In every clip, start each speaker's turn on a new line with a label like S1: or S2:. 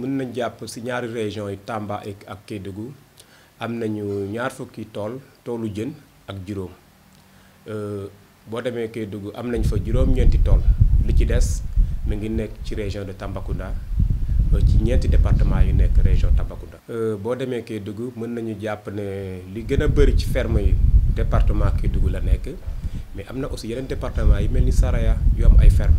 S1: mën nañ jàpp si ñaari région yi Tamba ak Kédougou am nañu ñaar fukki tool toolu jën ak juróom euh, boo demee Kédougou am nañ fa juróom-ñeenti tool li ci des mu ngi nekk ci région de Tambacounda euh, ci ñeenti département yu nekk région Tambacounda. Euh, boo demee Kédougou mën nañu jàpp ne li gën a bëri ci ferme yi département duggu la nekk mais am na aussi yeneen département yi mel ni sara yu am ay ferme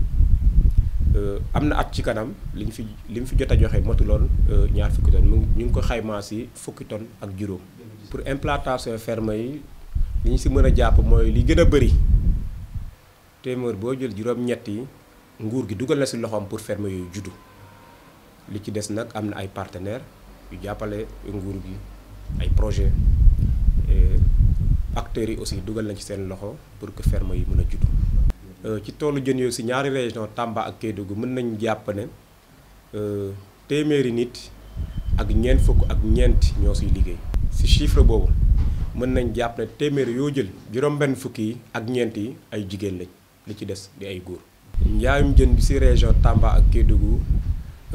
S1: Euh, am na at ci kanam li fi li fi jot a joxe matuloon euh, ñaar fukki tonnes ñu ngi ko xaymaa si fukki tonnes ak juróom. pour implantation ferme yi li ñu si mën a jàpp mooy li gën a bëri téeméer boo jël juróom-ñett yi nguur gi dugal na si loxoom pour ferme yooyu juddu li ci des nag am na ay partenaires yu jàppale nguur gi ay projets acteurs yi aussi dugal nañ ci seen loxo pour que ferme yi mën a juddu. Euh, ci toolu jeun yooyu ci ñaari région Tamba ak Kédougou mën nañu né euh téméri nit ak ñeent fuk ak ñent ñoo ci liggéey ci chiffre bobu mën nañ japp né téeméeri yo jël juróom ben fukk yi ak ñent yi ay jigéen lañ li ci dess di ay goor njaayum jeun bi ci région Tamba ak Kédougou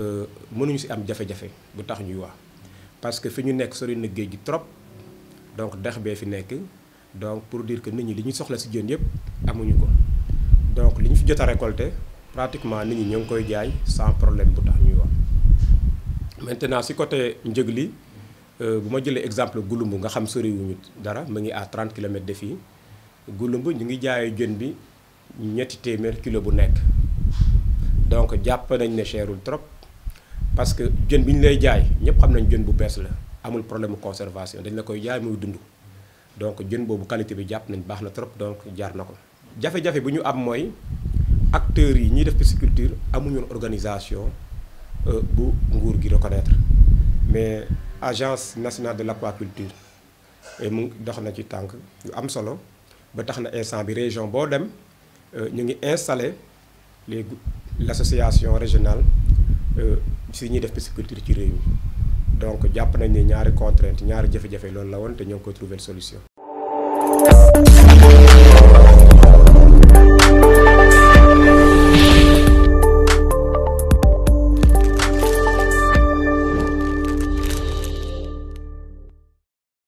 S1: euh mënuñu ci am jafé jafé bu tax ñuy wax parce que fiñu nekk sori na géej trop donc dex bee fi nekk donc pour dire que nit ñi li ñu soxla ci jeun yépp amuñu ko donc li ñu fi jot a récolté pratiquement nit ñi ñu ngi koy jaay sans problème bu tax ñuy wax maintenant si côté njëg li euh, bu ma jëlee exemple Gouloumb nga xam soriwuñu dara mu ngi à 30 km de fii Gouloumb ñu ngi jaayee jën bi ñetti téeméer kilo bu nekk donc jàpp nañ ne cherul trop parce que jën bi ñu lay jaay ñëpp xam nañ jën bu bees la amul problème conservation dañ la koy jaay muy dund donc jën boobu qualité bi jàpp nañ baax na trop donc jaar na ko jafé jafé buñu am moy acteurs yi ñi def pisciculture amuñu organisation euh, bu nguur gi reconnaître mais agence nationale de l'aquaculture et mu dox na ci tank yu am solo ba tax na instant bi région bo dem euh, ñu ngi installer les l'association régionale régionale ci ñi def pisciculture ci réew mi donc japp nañ ni ñaari contrainte ñaari jafé jafé loolu la won té ñoo trouver solution.